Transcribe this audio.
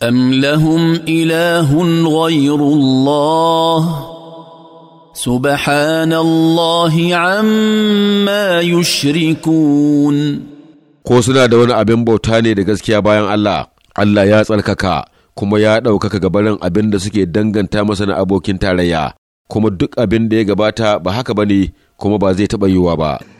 أم لهم إله غير الله سبحان الله عما يشركون ko suna da wani abin bauta ne da gaskiya bayan Allah Allah ya tsarkaka kuma ya ɗaukaka gabarin abin da suke danganta masa na abokin tarayya kuma duk abin da ya gabata ba haka ba ne kuma ba zai taɓa yiwuwa ba